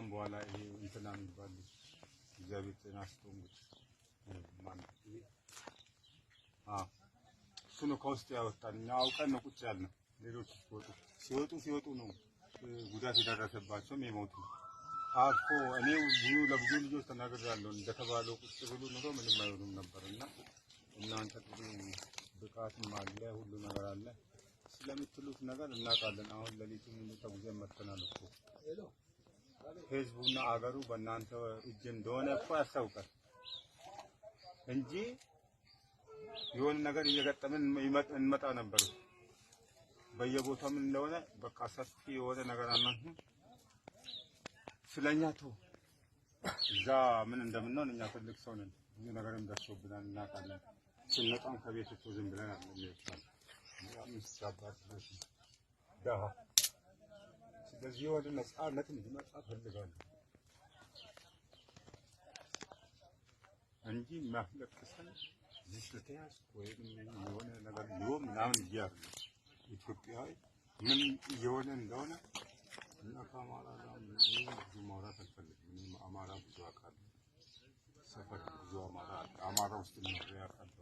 ከዛም በኋላ ይሄ እንትና የሚባል እግዚአብሔር ጤና አስቶንጉት ማን አዎ፣ እሱ ነው ከውስጥ ያወጣን። እኛ አውቀን ነው ቁጭ ያልነው። ሌሎች ሲወጡ ሲወጡ ሲወጡ ነው ጉዳት የደረሰባቸውም የሞቱ አልፎ እኔ ብዙ ለብዙ ልጆች ተናግሬያለሁ። እንደተባለው ቁጭ ብሉ ኑሮ ምንም አይሆኑም ነበርና እናንተ ጥሩ ብቃትም አለ ሁሉ ነገር አለ ስለምትሉት ነገር እናውቃለን። አሁን ለሊቱ ምን ተጉዘን መጥተናል እኮ ህዝቡና አገሩ በእናንተ እጅ እንደሆነ እኮ ያስታውቃል እንጂ የሆነ ነገር እየገጠምን እንመጣ ነበር። በየቦታው ምን እንደሆነ በቃ ሰፊ የሆነ ነገር አናንተ ስለኛ ተው፣ እዛ ምን እንደምንሆን እኛ ትልቅ ሰው ነን። ብዙ ነገርም ደርሶብናል፣ እናውቃለን። ስንመጣም ከቤት እኮ ዝም ብለን አለ በዚህ ወደ ነጻነት እንዲመጣ ፈልጋለሁ እንጂ የሚያስለቅሰን እዚህ ስለተያዝ ወይም የሆነ ነገር ሊሆን ምናምን እያሉ ኢትዮጵያዊ ምን እየሆነ እንደሆነ እና ከአማራ ጋር ብዙ ማውራት አልፈልግም። እኔም አማራ ብዙ አውቃለሁ፣ ሰፈር ብዙ አማራ አማራ ውስጥ ኖሬ አውቃለሁ።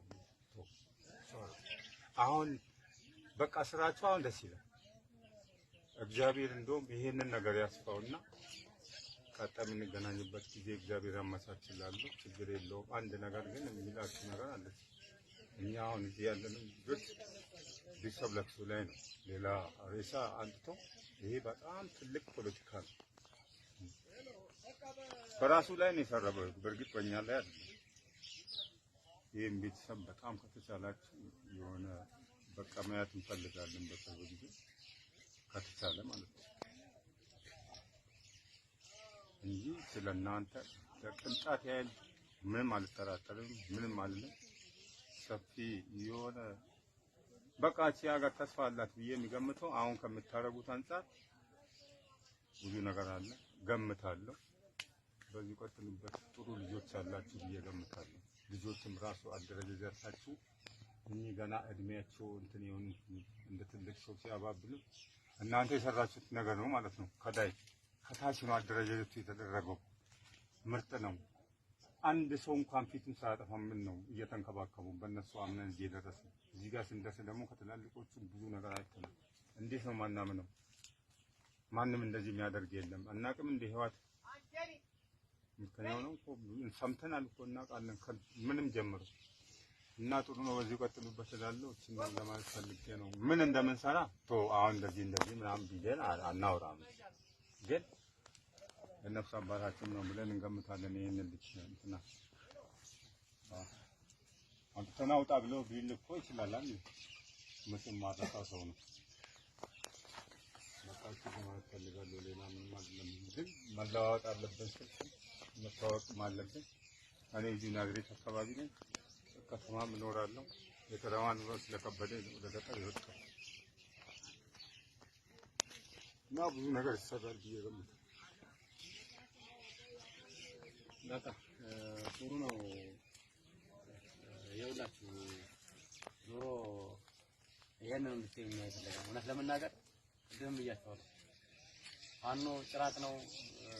አሁን በቃ ስራቸው አሁን ደስ ይላል። እግዚአብሔር እንደውም ይሄንን ነገር ያስፋውና ቀጣይ የምንገናኝበት ጊዜ እግዚአብሔር ያመቻችላሉ። ችግር የለውም። አንድ ነገር ግን የሚላችሁ ነገር አለ። እኛ አሁን እዚህ ያለንም ልጆች ቤተሰብ ለቅሶ ላይ ነው። ሌላ ሬሳ አንጥተው ይሄ በጣም ትልቅ ፖለቲካ ነው። በራሱ ላይ ነው የሰረበው። በእርግጥ በእኛ ላይ አለ። ይህም ቤተሰብ በጣም ከተቻላችሁ የሆነ በቃ እንፈልጋለን በሰው ጊዜ ከተቻለ ማለት ነው እንጂ ስለ እናንተ ለቅንጣት ያህል ምንም አልጠራጠርም፣ ምንም አልልም። ሰፊ የሆነ በቃ እቺ ሀገር ተስፋ አላት ብዬ የሚገምተው አሁን ከምታደርጉት አንጻር ብዙ ነገር አለ ገምታለሁ። በዚህ ቀጥሉበት፣ ጥሩ ልጆች አላችሁ ብዬ ገምታለሁ። ልጆችም ራሱ አደረጃጀታችሁ እኚህ ገና እድሜያቸው እንትን ይሁን እንደ ትልቅ ሰው ሲያባብሉ እናንተ የሰራችሁት ነገር ነው ማለት ነው። ከላይ ከታች ነው አደረጃጀቱ የተደረገው። ምርጥ ነው። አንድ ሰው እንኳን ፊቱን ሳያጠፋ ምን ነው እየተንከባከቡ በእነሱ አምነን እዚህ ደረሰ። እዚህ ጋር ስንደርስ ደግሞ ከትላልቆቹ ብዙ ነገር አይተናል። እንዴት ነው ነው ማንም እንደዚህ የሚያደርግ የለም። አናቅም እንደ ህዋት ምክንያው ነው ሰምተናል እኮ እናውቃለን። ምንም ጀምሮ እና ጥሩ ነው። በዚህ ቀጥሉበት እላለሁ። እቺን ለማለት ፈልጌ ነው። ምን እንደምንሰራ ቶ አሁን እንደዚህ እንደዚህ ምናምን ቢለን አናውራም፣ ግን የነፍስ አባታችን ነው ብለን እንገምታለን። ይሄንን ልጅ እንትና አንተና ውጣ ብለው ቢል እኮ ይችላል አይደል? ምንም ማጣፋ ሰው ነው። መጣችሁ ማለት ፈልጋለሁ። ሌላ ምንም አይደለም፣ ግን መለዋወጥ አለብን፣ መታወቅም አለብን። እኔ እዚህ ናዝሬት አካባቢ ነኝ። ከተማ እኖራለሁ። የከተማ ኑሮ ስለከበደ ወደ ገጠር እና ብዙ ነገር ይሰራል ብዬ ገምታለሁ። በጣም ጥሩ ነው። የሁላችሁ ኑሮ ይሄን ነው እንድትይ የሚያስፈልገው። እውነት ለመናገር ቅድም ብያቸዋለሁ። ፋኖ ጭራት ነው፣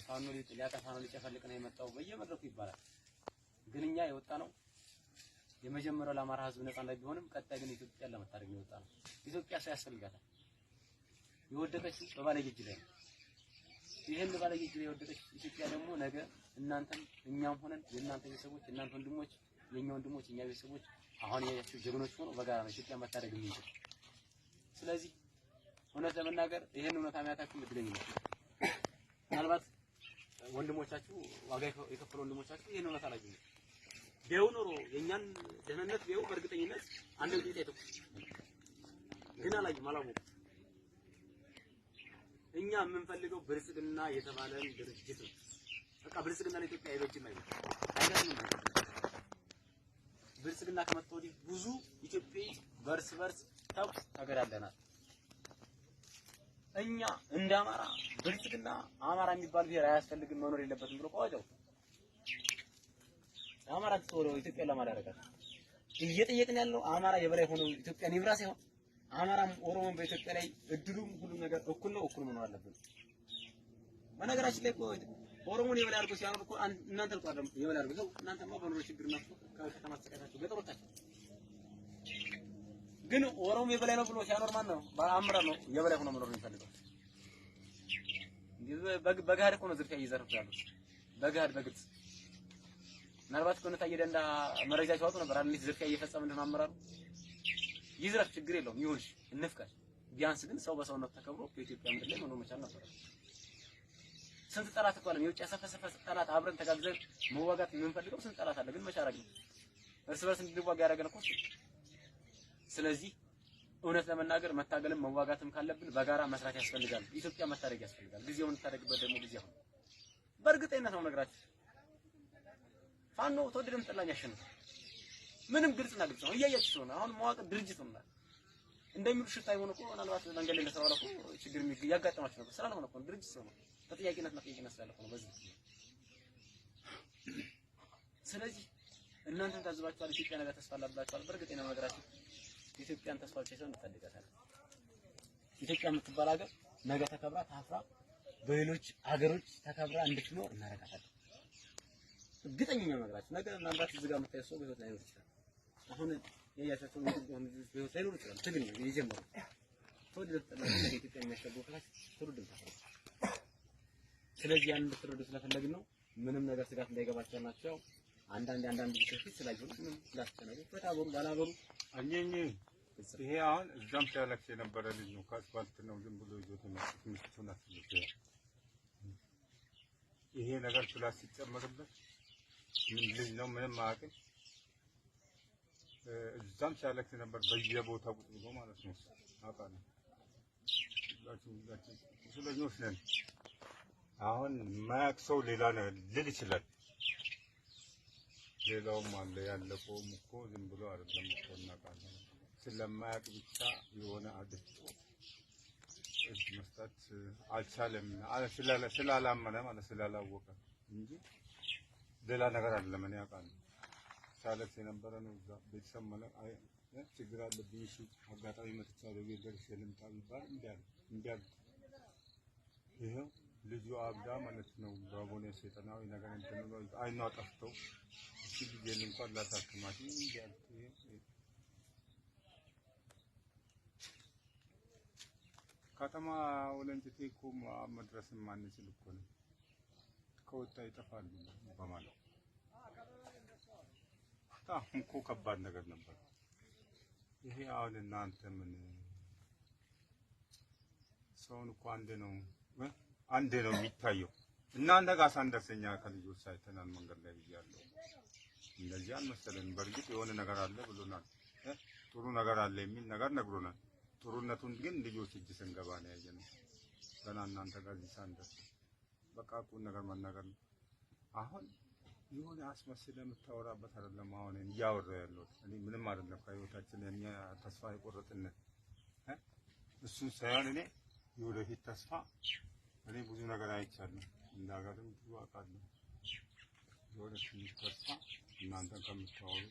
ፋኖ ሊያጠፋ ነው፣ ሊጨፈልቅ ነው የመጣው በየመድረኩ ይባላል። ግን እኛ የወጣ ነው የመጀመሪያው ለአማራ ህዝብ ነጻነት ቢሆንም ቀጣይ ግን ኢትዮጵያን ለመታደግ የወጣ ነው። ኢትዮጵያ ሰው ያስፈልጋታል። የወደቀች በባለጌ እጅ ላይ ነው። ይህን በባለጌ እጅ ላይ የወደቀች ኢትዮጵያ ደግሞ ነገ እናንተም እኛም ሆነን የእናንተ ቤተሰቦች እናንተ ወንድሞች የእኛ ወንድሞች የእኛ ቤተሰቦች አሁን ያያችሁ ጀግኖች ሆኖ በጋራ ነው ኢትዮጵያ መታደግ የሚችል። ስለዚህ እውነት ለመናገር ይህን እውነት አሚያታችሁ ነው ምናልባት ወንድሞቻችሁ ዋጋ የከፈሉ ወንድሞቻችሁ ይህን እውነት አላገኙም። ቢያዩ ኖሮ የእኛን ደህንነት ቢያዩ በእርግጠኝነት አንድ ጊዜ ታይተኩ ግን አላየሁም፣ አላወኩም። እኛ የምንፈልገው ብልጽግና የተባለን ድርጅት ነው። በቃ ብልጽግና ለኢትዮጵያ አይበጅም፣ አይበጅም፣ አይገርምም። ብልጽግና ከመጣ ወዲህ ብዙ ኢትዮጵያዊ በርስ በርስ ተኩስ ተገዳለናል። እኛ እንደ አማራ ብልጽግና አማራ የሚባል ብሔር አያስፈልግም መኖር የለበትም ብሎ ቆጨው። አማራ ኢትዮጵያ ኢትዮጵያን ለማዳረጋት እየጠየቅን ያለው አማራ የበላይ ሆኖ ኢትዮጵያን ይብራ ሳይሆን አማራም ኦሮሞም በኢትዮጵያ ላይ እድሉም ሁሉም ነገር እኩል ነው፣ እኩል መኖር አለብን። በነገራችን ላይ ቆይ ኦሮሞን የበላይ አድርጎ ሲያኖር እኮ እናንተ ልቆ አይደለም የበላይ አድርጎ ሰው እናንተማ በኑሮ ችግር ነው ከተማ ተሰቃያችሁ ገጠሮቻችሁ። ግን ኦሮሞ የበላይ ነው ብሎ ሲያኖር ማን ነው? በአምራ ነው የበላይ ሆኖ መኖር የሚፈልገው። በገሀድ እኮ ነው ዝርፊያ እየዘረፉ ያሉት በገሀድ በግድ ምናልባት ከሆነ ታየ ደንዳ መረጃ ሲዋጡ ነበር አንዲት ዝርፊያ እየፈጸመ እንደሆነ አመራሩ ይዝረፍ፣ ችግር የለውም ይሁንሽ፣ እንፍቀር። ቢያንስ ግን ሰው በሰውነት ተከብሮ በኢትዮጵያ ምድር ላይ መኖር መቻል ነበር። ስንት ጠላት እኮ አለ የውጭ ያሰፈሰፈ ጠላት፣ አብረን ተጋግዘን መዋጋት የምንፈልገው ስንት ጠላት አለ። ግን መቻረግ ነው እርስ በርስ እንድንዋጋ ያደረገን እኮ። ስለዚህ እውነት ለመናገር መታገልም መዋጋትም ካለብን በጋራ መስራት ያስፈልጋል። ኢትዮጵያ መታደግ ያስፈልጋል። ጊዜውን እንታደግበት ደግሞ ጊዜ አሁን በእርግጠኝነት ነው ነገራችሁ ፋኖ ተወደደም ጠላም ያሸንፋል። ምንም ግልጽና ግልጽ ነው። እያያችሁ ስለሆነ አሁን መዋቅር ድርጅት ነው እንደሚሉ ሽታ ይሆን እኮ ምናልባት መንገድ ላይ እንደተባለ እኮ ችግር ያጋጠማችሁ ነበር። ስላልሆነ እኮ ድርጅት ስለሆነ ተጠያቂነት መጠየቅነት ስላለ እኮ ነው በዚህ ስለዚህ እናንተም ታዝባችኋል። ኢትዮጵያ ነገር ተስፋ አላብላችኋል። በእርግጥ ነው ነገራችሁ ኢትዮጵያን ተስፋ ብቻ ሳይሆን እንፈልጋታለን። ኢትዮጵያ የምትባል ሀገር ነገ ተከብራ ታፍራ በሌሎች ሀገሮች ተከብራ እንድትኖር እናደርጋታለን። እርግጠኛ ነው የምነግራችሁ። ነገ ምናልባት እዚህ ጋር የምታየው ሰው በህይወት ላይኖር ይችላል። አሁን ያያቻቸው ነው ቆም በህይወት ላይኖር ይችላል። ትግል ነው የጀመረው። ተወልደ ተጠላሁ ኢትዮጵያ የሚያሻገው ክላስ ትውልድ ስለዚህ ያን እንድትረዱ ስለፈለግን ነው። ምንም ነገር ስጋት እንዳይገባቸው ናቸው። አንዳንድ አንዳንድ ብቻ ስላየሁት ምንም ላስተናገሩ በታበሩ ባላበሩ አኘኝ ይሄ አሁን እዛም ሲያለቅስ የነበረ ልጅ ነው። ከአስፋልት ነው ዝም ብሎ ይዞት ነው። ይሄ ነገር ፕላስ ሲጨመርበት ምንድን ነው ምንም አያውቅም። እዛም ሲያለቅስ ነበር በየቦታው ቁጭ ብሎ ማለት ነው። አውቃለሁ ቁስለኞች ነን። አሁን የማያውቅ ሰው ሌላ ልል ይችላል። ሌላውም አለ ያለፈውም እኮ ዝም ብሎ አይደለም እኮ እናውቃለን። ስለማያውቅ ብቻ የሆነ አድርጎ እጅ መስጠት አልቻለም ስላላመነ ማለት ስላላወቀ እንጂ ሌላ ነገር አይደለም። እኔ አውቃለሁ ሳለቅስ የነበረ ነው። እዛ ቤተሰብ ችግር አለብኝ እሺ፣ አጋጣሚ መጥቻለሁ ቤት ደርሼ ልምጣ ቢባል እምቢ አለ እምቢ አለ። ይኸው ልጁ አብዳ ማለት ነው ባቦኔ ሰይጣናዊ ነገር እንትን ብሎ አይኗ ጠፍቶ እሺ ልጄን እንኳን ላሳክማት እምቢ አለ። ከተማ ወለንጭቴ እኮ መድረስም አንችል እኮ ነው ከወጣ ይጠፋል በማለት በጣም እኮ ከባድ ነገር ነበር ይሄ። አሁን እናንተ ምን ሰውን እኮ አንድ ነው አንድ ነው የሚታየው። እናንተ ጋር ሳንደርሰኛ ከልጆች ሳይተናል መንገድ ላይ ብያለሁ። እንደዚህ አልመሰለን። በእርግጥ የሆነ ነገር አለ ብሎናል፣ ጥሩ ነገር አለ የሚል ነገር ነግሮናል። ጥሩነቱን ግን ልጆች እጅ ስንገባ ነው ያየነው። ገና እናንተ ጋር ሳንደርስ በቃ ቁም ነገር መናገር ነው አሁን የሆነ አስመስል ስለምታወራበት አይደለም። አሁን እያወራ ያለሁት እኔ ምንም አይደለም። ከህይወታችን የኛ ተስፋ የቆረጥነት እሱን ሳይሆን እኔ የወደፊት ተስፋ እኔ ብዙ ነገር አይቻለሁ፣ እንደ ሀገርም ብዙ አውቃለሁ። የወደፊት ተስፋ እናንተን ከምታወሩ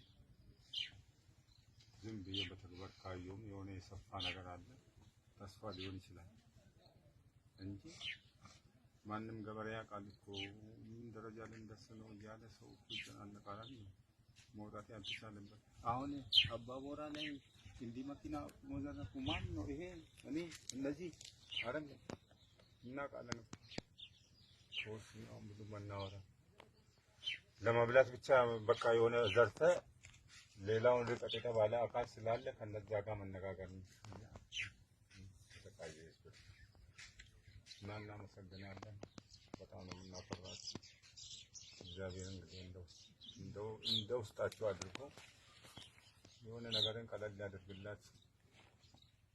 ዝም ብዬ በተግባር ካየሁም የሆነ የሰፋ ነገር አለ ተስፋ ሊሆን ይችላል እንጂ ማንም ገበሬ ያውቃል እኮ ምን ደረጃ ላይ እንደርስ ነው እያለ ሰው ይጨናነቃል። መውጣት ያልተቻለበት አሁን አባቦራ ላይ እንዲህ መኪና መዘረፉ ማን ነው ይሄ? እኔ እነዚህ አይደለም እናውቃለን። ሰዎች አሁን ብዙ መናወራ ለመብላት ብቻ በቃ የሆነ ዘርተ ሌላውን ርቀት የተባለ አካል ስላለ ከነዛ ጋር መነጋገር ነው። እና እናመሰግናለን። በጣም ነው የምናፈራችሁ። እግዚአብሔር እንግዲህ እንደው እንደ ውስጣችሁ አድርጎ የሆነ ነገርን ቀለል ሊያደርግላችሁ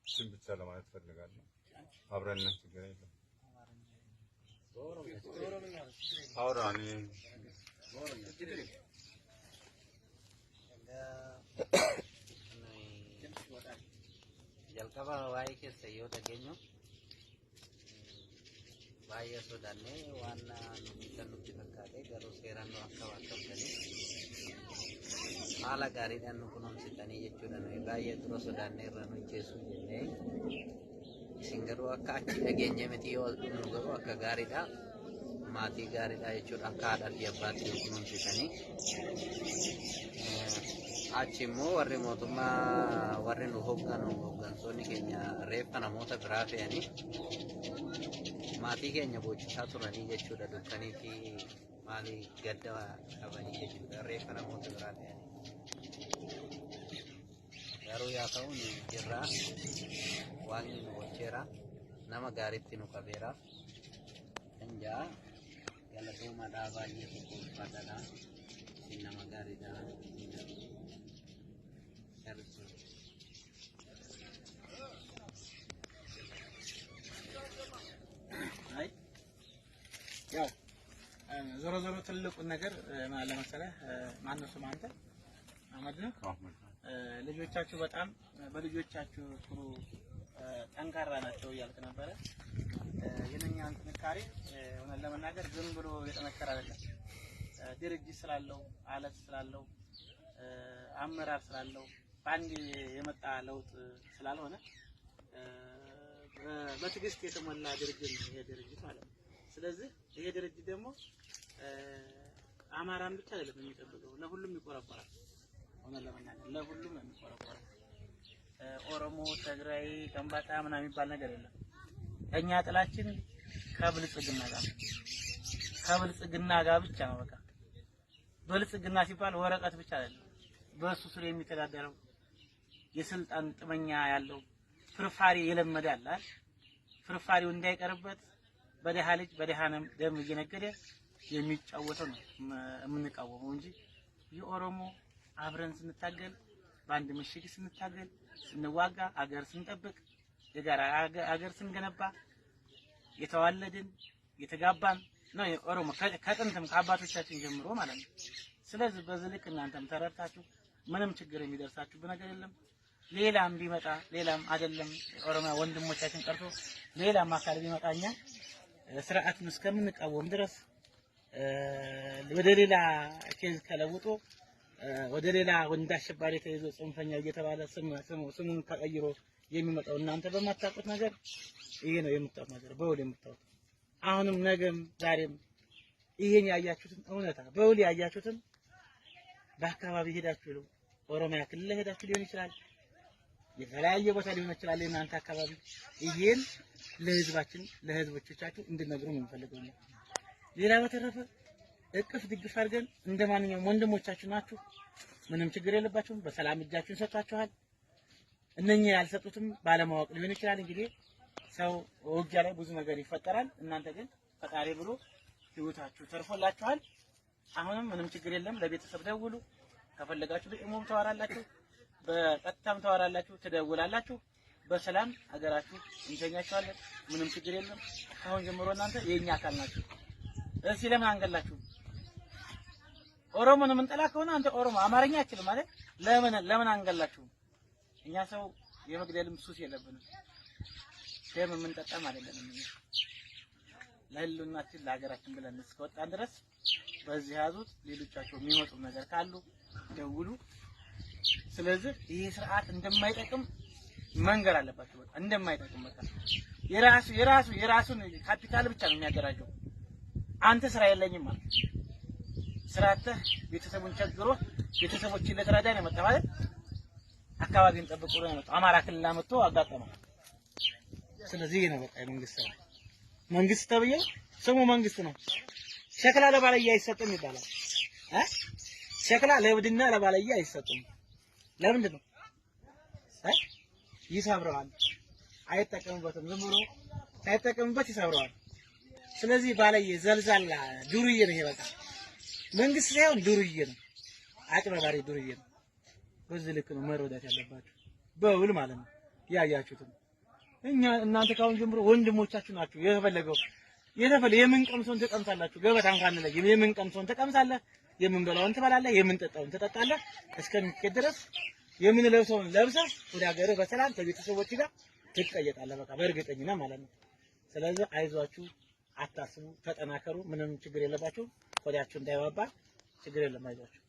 እሱን ብቻ ለማለት ፈልጋለሁ። አብረን ነን፣ ችግር የለም። አውራ እኔ ಬಾಯಿ ಹಸುದನ್ನೇ ವಾನ್ನ ಮೀಸಲು ತಿನ್ನಕ್ಕಾದೆ ಗರು ಸೇರನ್ನು ಅಕ್ಕವಾಗ್ತದೆ ಹಾಲಗಾರಿನನ್ನು ಕುಣಿಸುತ್ತಾನೆ ಹೆಚ್ಚುದನ್ನು ಬಾಯಿ ಎದುರು ಹಸುದನ್ನೇ ರನ್ನು ಇಚ್ಛಿಸುತ್ತೇನೆ ಸಿಂಗರು ಅಕ್ಕ ಅಕ್ಕಿದ ಗೆಂಜೆ ಮಿತಿಯೋ ನುಗ್ಗರು ಅಕ್ಕ ಗಾರಿದ ಮಾತಿ ಗಾರಿದ ಹೆಚ್ಚು ಅಕ್ಕ ಆಡಲ್ಲಿ ಅಬ್ಬಾತಿಯು ಕುಣಿಸುತ್ತಾನೆ achimmoo warri mootummaa warri nu hogganan hoggansoonni keenya reeffa namoota biraa fe'anii mati ke nyebut satu nani ya sudah dukani ki mali gada apa nih ya sudah reka namu tegrat ya baru ya tahu nih jera wangi bocera nama garip tinu kabera enja yang lebih mata apa nih pada lah si nama garida ዞሮ ትልቁን ነገር ለመሰለህ ማነው ስም አንተ አህመድ ነው። ልጆቻችሁ በጣም በልጆቻችሁ ጥሩ ጠንካራ ናቸው እያልክ ነበረ። የእኛን ጥንካሬ እውነት ለመናገር ዝም ብሎ የጠነከረ አይደለም። ድርጅት ስላለው አለት ስላለው አመራር ስላለው በአንድ የመጣ ለውጥ ስላልሆነ በትዕግስት የተሞላ ድርጅት ነው ይሄ ድርጅት ማለት ነው። ስለዚህ ይሄ ድርጅት ደግሞ አማራን ብቻ አይደለም የሚጠብቀው፣ ለሁሉም ይቆረቆራል። እውነት ለሁሉም የሚቆረቆራል። ኦሮሞ፣ ትግራይ፣ ከምባታ ምናምን የሚባል ነገር የለም። እኛ ጥላችን ከብልጽግና ጋር ከብልጽግና ጋር ብቻ ነው። በቃ ብልጽግና ሲባል ወረቀት ብቻ አይደለም። በእሱ ስር የሚተዳደረው የስልጣን ጥመኛ ያለው ፍርፋሪ የለመደ አለ። ፍርፋሪው እንዳይቀርበት በደሃ ልጅ በደሃ ደም እየነገደ የሚጫወተው ነው የምንቃወመው እንጂ የኦሮሞ አብረን ስንታገል በአንድ ምሽግ ስንታገል ስንዋጋ አገር ስንጠብቅ የጋራ አገር ስንገነባ የተዋለድን የተጋባን ነው የኦሮሞ ከጥንትም ከአባቶቻችን ጀምሮ ማለት ነው። ስለዚህ በዚህ ልክ እናንተም ተረድታችሁ ምንም ችግር የሚደርሳችሁ ነገር የለም። ሌላም ቢመጣ ሌላም አይደለም ኦሮሚያ ወንድሞቻችን ቀርቶ ሌላም አካል ቢመጣ እኛ ስርዓቱን እስከምንቃወም ድረስ ወደ ሌላ ኬዝ ተለውጦ ወደ ሌላ ወንድ አሸባሪ ተይዞ ጽንፈኛ እየተባለ ስሙን ተቀይሮ የሚመጣው እናንተ በማታውቁት ነገር ይሄ ነው የምታውቁት ነገር በውል የምታውቁት አሁንም ነገም ዛሬም ይሄን ያያችሁትን እውነታ በውል ያያችሁትን በአካባቢ ሄዳችሁ ኦሮሚያ ክልል ሄዳችሁ ሊሆን ይችላል፣ የተለያየ ቦታ ሊሆን ይችላል። እናንተ አካባቢ ይሄን ለህዝባችን ለህዝቦቻችሁ እንድነግሩ ነው የምፈልገው ነው። ሌላ በተረፈ እቅፍ ድግፍ አድርገን እንደ ማንኛውም ወንድሞቻችሁ ናችሁ። ምንም ችግር የለባችሁም። በሰላም እጃችሁን ሰጥቷችኋል። እነኛ ያልሰጡትም ባለማወቅ ሊሆን ይችላል። እንግዲህ ሰው ውጊያ ላይ ብዙ ነገር ይፈጠራል። እናንተ ግን ፈጣሪ ብሎ ህይወታችሁ ተርፎላችኋል። አሁንም ምንም ችግር የለም። ለቤተሰብ ደውሉ። ከፈለጋችሁ በኢሞም ተዋራላችሁ፣ በቀጥታም ተዋራላችሁ፣ ትደውላላችሁ። በሰላም ሀገራችሁ እንተኛችኋለን። ምንም ችግር የለም። አሁን ጀምሮ እናንተ የኛ አካል ናችሁ። እዚህ ለምን አንገላችሁ? ኦሮሞን የምንጠላ ከሆነ አንተ ኦሮሞ አማርኛ አችልም ማለት ለምን ለምን አንገላችሁ? እኛ ሰው የመግደልም ሱስ የለብንም። ደም የምንጠጣም አይደለንም። ለህልውናችን ለሀገራችን ብለን እስከወጣን ድረስ በዚህ ያዙት። ሌሎቻቸው የሚመጡ ነገር ካሉ ደውሉ። ስለዚህ ይህ ስርዓት እንደማይጠቅም መንገር አለባቸው። እንደማይጠቅም በቃ የራሱ የራሱ የራሱን ካፒታል ብቻ ነው የሚያደራጀው። አንተ ስራ የለኝም ማለት ስራ አጥተህ ቤተሰቡን ቸግሮ ቤተሰቦችን ልትረዳ ነው የመጣህ ማለት አካባቢን ጠብቆ ነው የመጣው። አማራ ክልል አመጥቶ አጋጠመ። ስለዚህ ነው በቃ የመንግስት ስራ። መንግስት ተብዬ ስሙ መንግስት ነው። ሸክላ ለባለየ አይሰጥም ይባላል። እ ሸክላ ለእብድና ለባለየ አይሰጥም። ለምንድን ነው ይሰብረዋል፣ አይጠቀምበትም። ዝም ብሎ ሳይጠቀምበት ይሰብረዋል። ስለዚህ ባለየ ዘልዛላ ዱርዬ ነው። ይበቃ መንግስት ሳይሆን ዱርዬ ነው፣ አጭበርባሪ ዱርዬ ነው። በዚህ ልክ ነው መረዳት ያለባችሁ በውል ማለት ነው። ያያችሁት እኛ እናንተ ካሁን ጀምሮ ወንድሞቻችሁ ናችሁ። የፈለገው የተፈለ የምንቀምሰውን ተቀምሳላችሁ። ገበታ እንኳን ላይ የምንቀምሰውን ተቀምሳለህ፣ የምንበላውን ትበላለህ፣ የምንጠጣውን ትጠጣለህ። እስከሚኬድ ድረስ የምንለብሰውን ለብሰህ ወደ ሀገርህ በሰላም ከቤተሰቦች ጋር ትቀየጣለህ። በቃ በእርግጠኝነት ማለት ነው። ስለዚህ አይዟችሁ። አታስቡ፣ ተጠናከሩ። ምንም ችግር የለባችሁ። ቆዳችሁ እንዳይባባ ችግር የለም። አይዟችሁ።